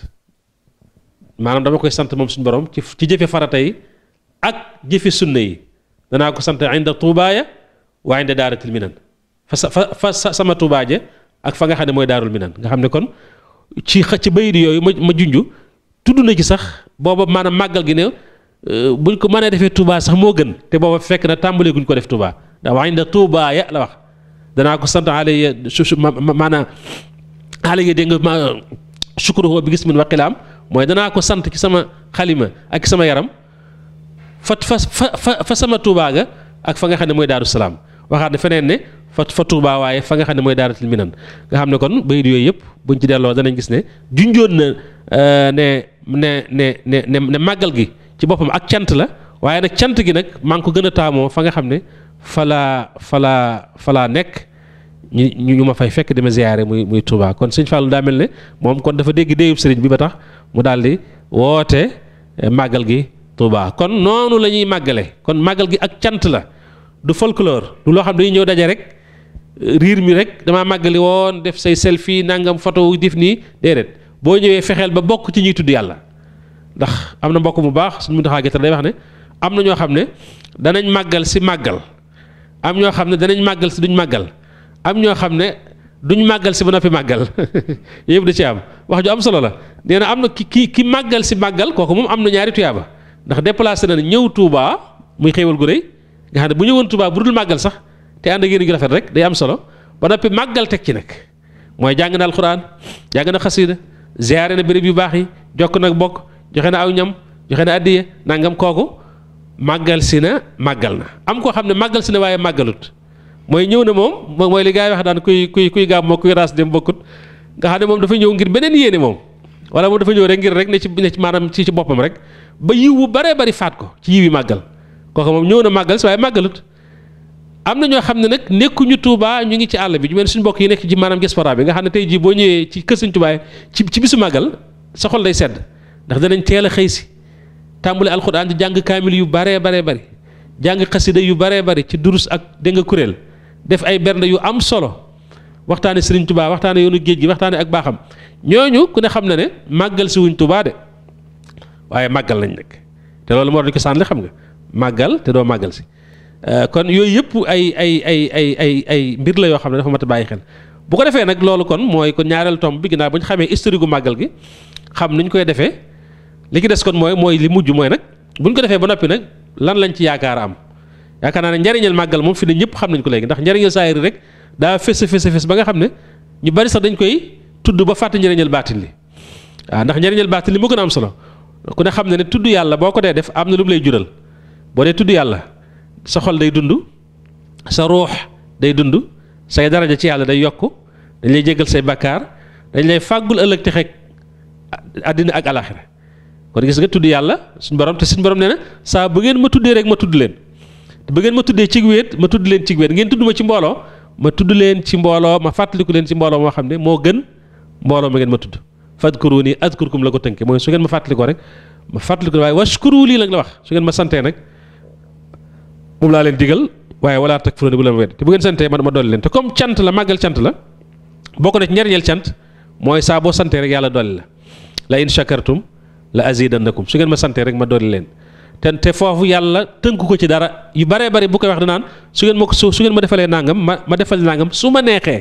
maanaam dama koy sant moom suñ borom ci ci jëfe farata yi ak jëfe sunna yi danaa ko sant inda tuubaaya wa inda daaratil minan fa fa sama tuubaaje ak fa nga xam ne mooy daarul minan nga xam ne kon ci xa ci bayit yooyu ma ma junj tudd na ci sax booba maanaam màggal gi ne euh, buñ ko mënee defee Touba sax moo gën te booba fekk na tàmbalee guñ ko def Touba ndax wax na Touba ya la wax danaa ko sant alayya su maanaam alayya dégg nga ma sukkuruhu bi gis min waqilaam mooy danaa ko sant ci sama xalima ak sama yaram fa fa fa fa sama Touba ga ak fa nga xam ne mooy Daaru Salaam. waxaat ne feneen ne fa fa Touba waaye fa nga xam ne mooy mi minan nga xam ne kon bayit yooyu yëpp buñ ci delloo danañ gis ne junjoon na euh, ne ne ne ne màggal gi ci boppam ak cant la waaye nag cant gi nag maa ngi ko gën a taamoo fa nga xam ne falaa falaa falaa nekk ñu ñu ma fay fekk dama ziyaare muy muy Touba kon sëñ Fallou daa mel ne moom kon dafa dégg déeyub sëriñ bi ba tax mu daal di woote euh, màggal gi Touba kon noonu lañuy ñuy màggale kon màggal gi ak cant la du folklore du loo xam ne dañuy ñëw daje rek riir mi rek damaa màggali woon def say selfie nangam foto dif nii déedéet boo ñëwee fexeel ba bokk ci ñuy tudd yàlla ndax am na mbokk mu baax suñu muntaxaa gerte day wax ne am na ñoo xam ne danañ màggal si màggal am ñoo xam ne danañ màggal si duñ màggal am ñoo xam ne duñ màggal si ba noppi màggal (laughs) yëpp da ci am wax ju am solo la nee na am na ki ki ki màggal si màggal kooku moom am na ñaari tuyaaba ndax déplacé na ñëw tuubaa muy xéewal gu rëy nga xam ne bu ñëwoon Touba bu dul màggal sax te ànd ak yéen gi rafet rek day am solo ba noppi màggal teg ci nag mooy jàng na alxuraan jàng na xasida ziyaare na béréb yu baax yi jokk nag bokk joxe na aw ñam joxe na addiye nangam kooku màggal si na màggal na am koo xam ne màggal si na waaye màggalut mooy ñëw na moom mooy li gars yi daan kuy kuy kuy gaam moo kuy raas dem bokkut nga xam ne moom dafa ñëw ngir beneen yéene moom wala moom dafa ñëw rek ngir rek ne ci ne ci maanaam ci ci boppam rek ba yiw bu baree bari faat ko ci yiw yi màggal kooku moom ñëw na màggal si waaye màggalut am na ñoo xam ne nag nekkuñu tuubaa ñu ngi ci àll bi ñu mel suñu mbokk yi nekk ci maanaam diaspora bi nga xam ne tey jii boo ñëwee ci kër Sëñ Touba ci ci bisu màggal sa day sedd ndax danañ teel a xëy si tàmbali alxuraan di jàng kaamil yu baree baree bari jàng xasida yu baree bari ci durus ak dégg nga kuréel def ay bernde yu am solo waxtaane Sëriñ Touba waxtaane yoonu géej gi waxtaane ak baaxam ñoo ñooñu ku ne xam na ne màggal si wuñ waaye màggal lañ nag loolu moo doon ko xam nga màggal te doo màggal si euh, kon yooyu yëpp ay ay ay ay ay ay mbir la yoo xam ne dafa mat a bàyyi xel bu ko defee nag loolu kon mooy kon ñaareel tomb bi ginnaaw bu ñu xamee historique gu màggal gi xam nuñ koy defee li ki des kon mooy mooy li mujj mooy nag buñ ko defee ba noppi nag lan lañ ci yaakaar am yaakaar naa ne njariñal màggal moom fi ne ñëpp xam nañ ko léegi ndax njariñal saayir rek daa fës fës fës ba nga xam ne ñu bari sax dañ koy tudd ba fàtte njariñal baatin li waaw ndax njariñal baatin li moo gën a solo ku ne xam ne ne tudd yàlla boo ko def am na lu lay jural boo dee tudd yàlla sa xol day dund sa ruux day dund say daraja ci yàlla day yokk dañ lay jéggal say bakkaar dañ lay fàggul ëllëg te xeeg àddina ak alaaxira kon gis nga tudd yàlla suñu borom te suñu borom nee na saa bu ngeen ma tuddee rek ma leen bu ngeen ma ci wéet ma tudd leen ci wéet ngeen ci mbooloo ma tudd leen ci mbooloo ma fàttaliku leen ci mbooloo moo xam ne moo gën mbooloo ma ngeen ma tudd fadkuruni azkurkum la ko tënkee mooy su ngeen ma fàttalikoo rek ma fàttaliku waaye washkuru lii la wax su ngeen ma santee nag moom laa leen digal waaye wala tak fu te bu ngeen santee man ma dolli leen te comme cant la màggal cant la bokk na ci njariñel cant mooy saaboo boo santee rek yàlla doole la la in shakartum la azidannakum su ngeen ma santee rek ma dolli leen te te foofu yàlla tënku ko ci dara yu baree bari bu koy wax danaan su ngeen ma ko su ngeen ma defalee nangam ma ma defal nangam su ma neexee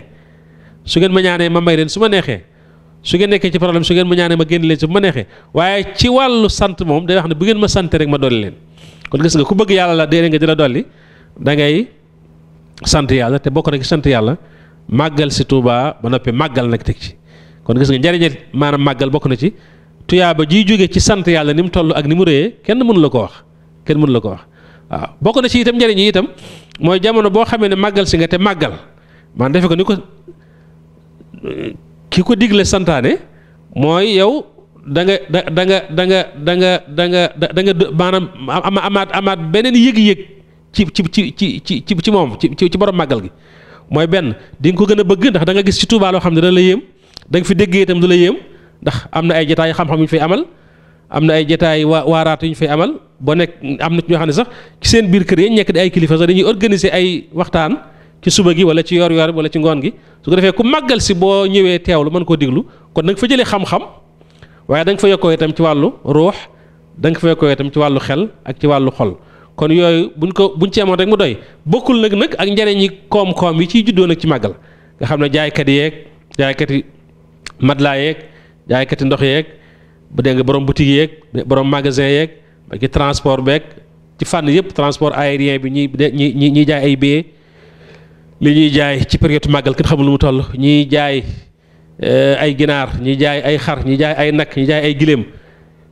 su ngeen ma ñaanee ma may leen su ma neexee su ngeen nekkee ci problème su ngeen ma ñaanee ma génn ma neexee waaye ci wàllu sant moom day wax ne bu ngeen ma santee rek ma dolli leen kon gis nga ku bëgg yàlla la déedéet nga dina dolli da ngay sant yàlla te bokk na ci sant yàlla màggal si Touba ba noppi màggal nag teg ci kon gis nga njëriñe maanaam màggal bokk na ci tuyaaba jiy jóge ci sant yàlla ni mu toll ak ni mu rëyee kenn mënu la ko wax kenn mënu la ko wax waaw bokk na ci itam njëriñ yi itam mooy jamono boo xamee ne màggal si nga te màggal maanaam defe ko ni ko ki ko digle santaane mooy yow da nga da da nga da nga da nga da nga da nga maanaam ama amaat amaat beneen yëg-yëg ci ci ci ci ci ci moom ci ci borom màggal gi mooy benn di nga ko gën a bëgg ndax da nga gis ci Tuubaa xam ne dana la yéem da fi déggee itam du la yéem ndax am na ay jataay xam-xam yu ñu fay amal am na ay jataay waa waaraat yu ñu fay amal boo nekk am na ci ñoo xam ne sax ci seen biir kër yi nekk di ay kilifa sax dañuy organiser ay waxtaan ci suba gi wala ci yor-yor wala ci ngoon gi su ko defee ku màggal si boo ñëwee teewlu mën koo déglu kon nag fa jëlee xam waaye da nga fa yokkoo itam ci wàllu ruux da ko fa yokkoo itam ci wàllu xel ak ci wàllu xol kon yooyu buñ ko buñ ci amoon rek mu doy bokkul nag nag ak njëriñ yi koom-koom yi ciy juddoo nag ci màggal nga xam ne jaaykat yeeg jaaykati matelas yeeg jaaykati ndox yeeg bu dee nga borom boutique yeeg borom magasin yeeg ba ci transport beeg ci fànn yëpp transport aérien bi ñi ñi ñi jaay ay billets li ñuy jaay ci période màggal kenn xamul lu mu toll ñiy jaay. Euh, ay ginaar ñi jaay ay xar ñi jaay ay nag ñi jaay ay giléem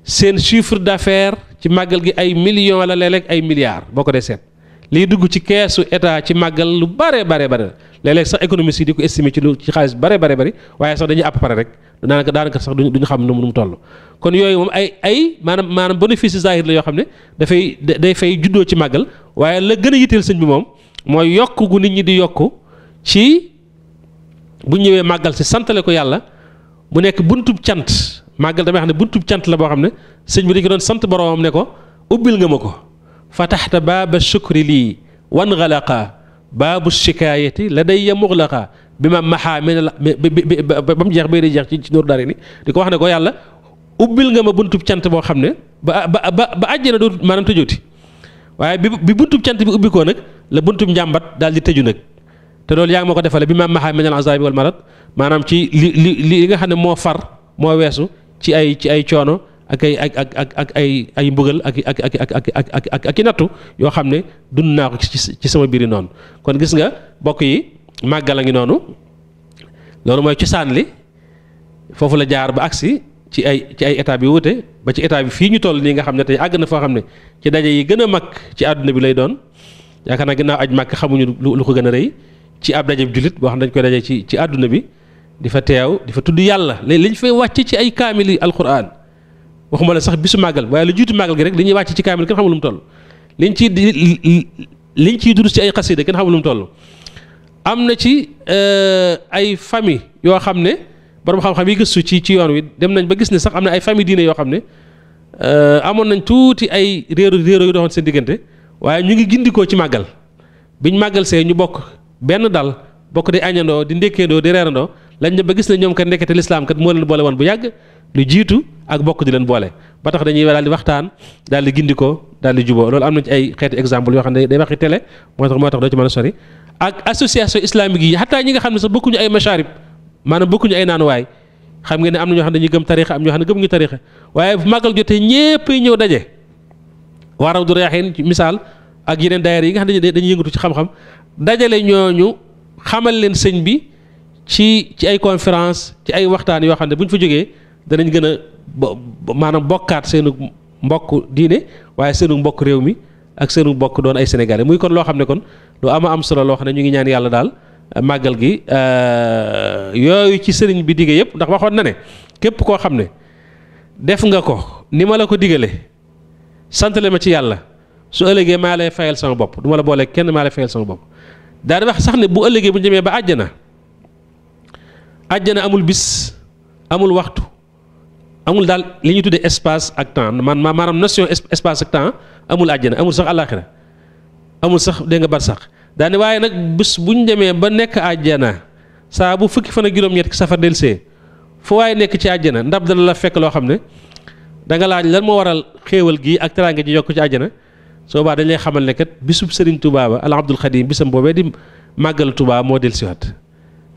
seen chiffre d'affaires ci màggal gi ay million la léeg ay milliards boo ko dee seet liy dugg ci keesu état ci màggal lu bare bare bare léeg-léeg sax économiste yi di ko estimer ci lu ci xaalis bare bare bari waaye sax dañuy àpp pare rek daanaka daanaka sax duñu xam nu mu toll kon yooyu moom ay ay maanaam maanaam bénéfice zahir la yoo xam ne dafay day fay juddoo ci màggal waaye la gën a yitteel sëñ bi moom mooy yokk nit ñi di yokk ci bu ñëwee màggal si santale ko yàlla mu nekk buntub cant màggal damay xam ne buntub cant la boo xam ne sëñ bi dañu doon sant boromam ne ko ubbil nga ma ko fataxta baaba shukri lii wan xalaqa baabu shikaayati la day ya muxlaqa bi ma maxaa min la ba mu jeex bay di jeex ci ci Nuuru Daarayni di ko wax ne ko yàlla ubbil nga ma buntub cant boo xam ne ba ba ba ba àjjana dootul maanaam tëjooti waaye bi bi buntub cant bi ubbi ko nag la buntub njàmbat daal di tëju nag te loolu yaa ngi ma ko defale bi ma maxaay meñal azabi wal marad maanaam ci li li li nga xam ne moo far moo weesu ci ay ci ay coono ak ay ak ak ak ay ay mbugal ak ak ak ak ak i nattu yoo xam ne dund naa ko ci ci sama biir noonu kon gis nga bokk yi màggal a ngi noonu loolu mooy cosaan li foofu la jaar ba agsi ci ay ci ay état bi wute ba ci état bi fii ñu toll nii nga xam ne tey àgg na foo xam ne ci daje yi gën a mag ci àdduna bi lay doon yaakaar naa ginnaaw aj màkk xamuñu lu ko gën a rëy ci ab dajeb jullit boo xam dañ koy daje ci ci àdduna bi di fa teew di fa tudd yàlla li liñ fay wàcc ci ay kaamili alquran waxuma la sax bisu màggal waaye lu jiitu màggal gi rek li ñuy wàcc ci kaamil kenn xamul lu mu toll liñ ciy liñ ciy durus ci ay xasida kenn xamul lu mu toll am na ci euh, ay famille yoo xam ne borom xam-xam gëstu ci ci yoon wi dem nañ ba gis ne sax na ay famille diine yoo xam ne euh, amoon nañ tuuti ay réero réero yu doxoon diggante waaye ñu ngi gindikoo ci màggal biñ màggal see ñu bokk benn dal bokk di añandoo di ndékkeendoo di reerandoo lañ ne ba gis ne ñoom kat ndekkete lislaam kat moo leen boole woon bu yàgg lu jiitu ak bokk di leen boole ba tax dañuy daal di waxtaan daal di gindikoo daal di juboo loolu am nañ ci ay xeeti exemple yoo xam ne day waxi télé moo tax moo tax doo ci mën a sori ak association islamique yi xataa ñi nga xam ne sax bokkuñu ay macharib maanaam bokkuñu ay naanuwaay xam nga ne am na ñoo xam ne dañuy gëm tarixa am ñoo xam ne gëmuñu tarixa waaye bu màggal jotee ñépp ñëw daje waaraw du reexeen misaal ak yeneen daayira yi nga xam ne dañuy yëngatu ci xam-xam dajale ñooñu xamal leen sëñ bi ci ci ay conférence ci ay waxtaan yoo xam ne bu ñu fa jógee danañ gën a maanaam bokkaat seenu mbokk diine waaye seenu mbokk réew mi ak seenu mbokk doon ay sénégalais muy kon loo xam ne kon lu ama am solo loo xam ne ñu ngi ñaan yàlla daal euh, màggal gi euh, yooyu ci sëriñ bi digge yëpp ndax waxoon na ne képp koo xam ne def nga ko ni ma la ko digale santale ma ci yàlla su ëllëgee maa lay fayal sama bopp du ma la boolee kenn maa lay fayal sama bopp daa wax sax ne bu ëllëgee bu ñu demee ba àjjana àjjana amul bis amul waxtu amul daal li ñuy tuddee espace ak temps man maanaam notion espace ak temps amul àjjana amul sax àllaaxira amul sax dégg nga bar sax daa waaye nag bis bu ñu demee ba nekk àjjana saa bu fukki fan ak juróom-ñett safar delsee fu waaye nekk ci àjjana ndab dana la fekk loo xam ne da nga laaj lan moo waral xéewal gi ak teraanga ji yokk ci àjjana. soo baa dañ lay xamal ne kat bisub Serigne Touba ba al Abdul Xadim bisam boobee di màggal Touba moo dellusiwaat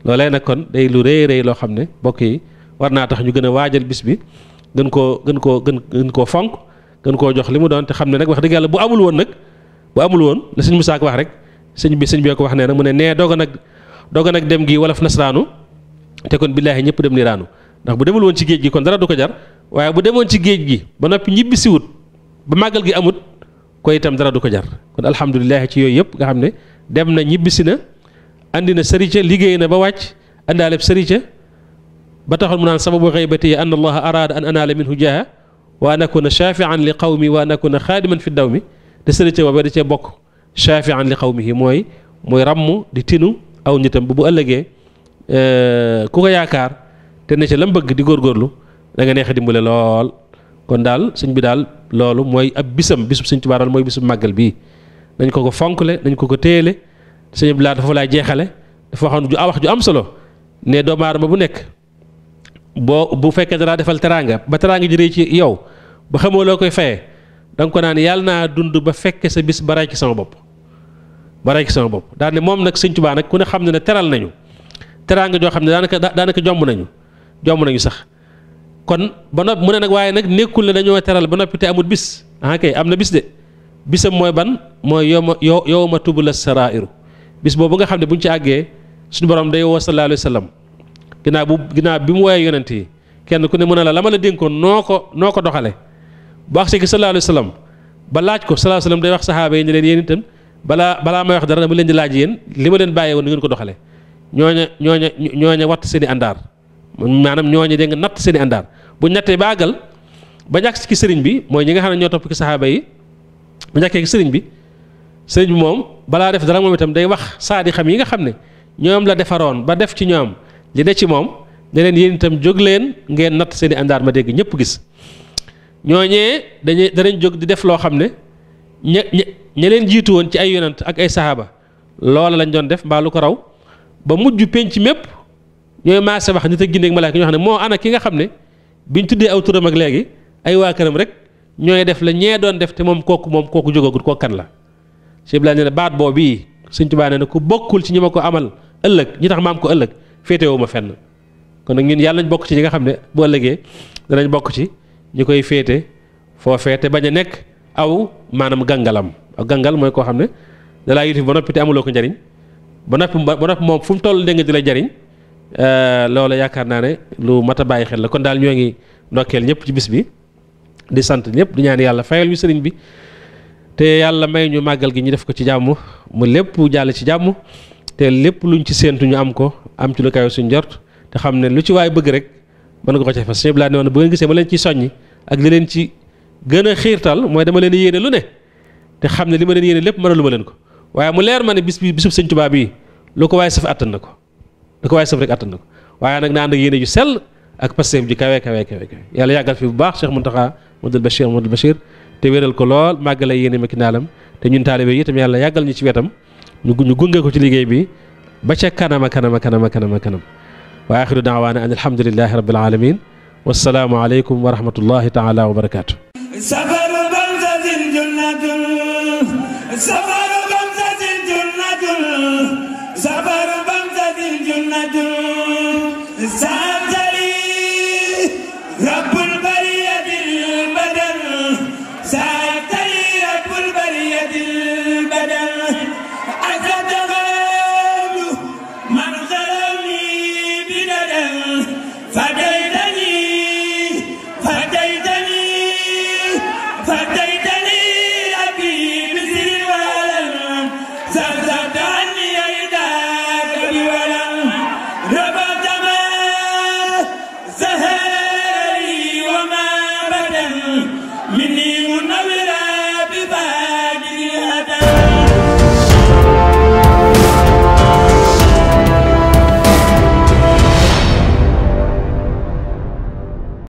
loolee nag kon day lu rëy rëy loo xam ne bokk yi war naa tax ñu gën a waajal bis bi gën koo gën koo gën gën koo fonk gën koo jox li mu doon te xam ne nag wax dëgg yàlla bu amul woon nag bu amul woon la sëñ Musaa Ka wax rek sëñ bi sëñ bi ko wax nee na mu ne nee doog a nag doog a nag dem gi wolof nasraanu te kon billaahi ñëpp dem ni raanu ndax bu demul woon ci géej gi kon dara du ko jar waaye bu demoon ci géej gi ba noppi ñibbisiwut ba màggal gi amut ko itam dara du ko jar kon alhamdulilah ci yooyu yëpp nga xam ne dem na ñibbisi na andi na sërica liggéey na ba wàcc andaaleb sërica ba taxoon mu naan sababu xaybati an allaha araada an anaala minhu jaaha wa an akuna shaafian li qawmi wa an akuna xaadiman fi daw mi te sërica booba da cee bokk shaafian li qawmihi mooy mooy ramm di tinu aw nitam bu bu ëllëgee euh, ku ko yaakaar te ne ca lam bëgg di góorgóorlu da nga neex a lool kon daal sëñ bi daal loolu mooy ab bisam bisub Sëñ Tuubaa mooy bisub màggal bii dañ ko ko fonk le dañ ko ko téele sëñ bi laa dafa laay jeexale dafa waxoon ju awax ju am solo ne doomu aadama bu nekk boo bu fekkee danaa defal teraanga ba teraanga ji rëy ci yow ba xamoo loo koy fayee da ko naan yàlla naa dund ba fekkee sa bis ba ray sama bopp ba ray ci sama bopp daal moom nag Sëñ Tuubaa nag ku ne xam ne ne teral nañu teraanga joo xam ne daanaka daanaka jomb nañu jomb nañu sax kon ba noppi mu ne nag waaye nag nekkul ne dañoo teral ba noppi te amul bis ah, am na bis de bisam mooy ban mooy yow ma yow yow ma tubula sarairu bis boobu nga xam ne bu ñu ci àggee suñu borom day woo sallallahu alayhi wa sallam ginnaaw bu ginnaaw bi mu woowee yonent yi kenn ku ne mu ne la la ma la dénkoon noo ko noo ko doxalee bu àggsee gi sallallahu ba laaj ko sallallahu alayhi wa sallam day wax saxaaba yi ne leen yéen itam balaa balaa may wax dara dama leen di laaj yen li ma leen bàyyee woon ngeen ko doxalee ñooña ñooña ñooña watt seen i àndaar maanaam ñooña dégg nga natt seen i bu ñettee ba àggal ba ñàkk ci sëriñ bi mooy ñi nga xam ne ñoo topp ci saxaaba yi bu ñàkkee ci sëriñ bi sëriñ bi moom balaa def dara moom itam day wax saadi xam yi nga xam ne ñoom la defaroon ba def ci ñoom li ne ci moom ne leen yéen itam jóg leen ngeen natt seen i àndaar ma dégg ñëpp gis ñooñee dañuy danañ jóg di def loo xam ne ña ña leen jiitu woon ci ay yonant ak ay saxaaba loola lañ doon def mbaa lu ko raw ba mujj penc mépp ñooy maase wax nit ak ginneeg ki ñoo xam ne moo ana ki nga xam ne biñ tuddee aw turam ak léegi ay waa këram rek ñooy def la ñee doon def te moom kooku moom kooku jógagut kooku kan la Cheikh Ibrahima nee baat boobu bii Sëñ Tuubaa na ku bokkul ci ñu ma ko amal ëllëg ñi tax ma ko ëllëg féetewoo ma fenn kon nag ñun yàlla nañ bokk ci ñi nga xam ne bu ëllëgee danañ ci ñi koy féete foofee te bañ a nekk aw maanaam gàngalam aw gàngal mooy koo xam ne dalaa yilif ba noppi te amuloo ko njariñ ba noppi ba noppi moom fu mu toll dégg nga di la jariñ Euh, loolu yaakaar naa ne lu mat a bàyyi xel la kon daal ñoo ngi ndokkeel ñëpp ci bis bi di sant ñëpp di ñaan yàlla fayal ñu sëriñ bi te yàlla may ñu màggal gi ñu def ko ci jàmm mu lépp jàll ci jàmm te lépp luñ ci séentu ñu am ko am ci lu kayo suñ jort te xam ne lu ci waay bëgg rek mën nga ko ci fas sëñ Bilane woon bu ngeen gisee ma leen ci soññi ak li leen ci gën a xiirtal mooy dama leen yéene lu ne te xam ne li ma leen yéene lépp mën a lu ma leen ko waaye mu leer ma ne bis bi sëñ Tuubaa bii lu ko waaye saf àttan na ko lu ko waaye sëf rek attan na ko waaye nag na ànd ak yéene ju sell ak pasteef ji kawe kawe kawe kawe yàlla yàggal fi bu baax Cheikh Mountakha Modou Bachir Modou Bachir te wéral ko lool màggale yéene ma ki naalam te ñun taalibe yi itam yàlla yàggal ñu ci wetam ñu gunge ko ci liggéey bi ba ca kanama kanama kanama kanama kanam wa axiru daawaana an alhamdulilahi rabbil alamin wassalaamu aleykum wa rahmatullahi taala wa barakaatu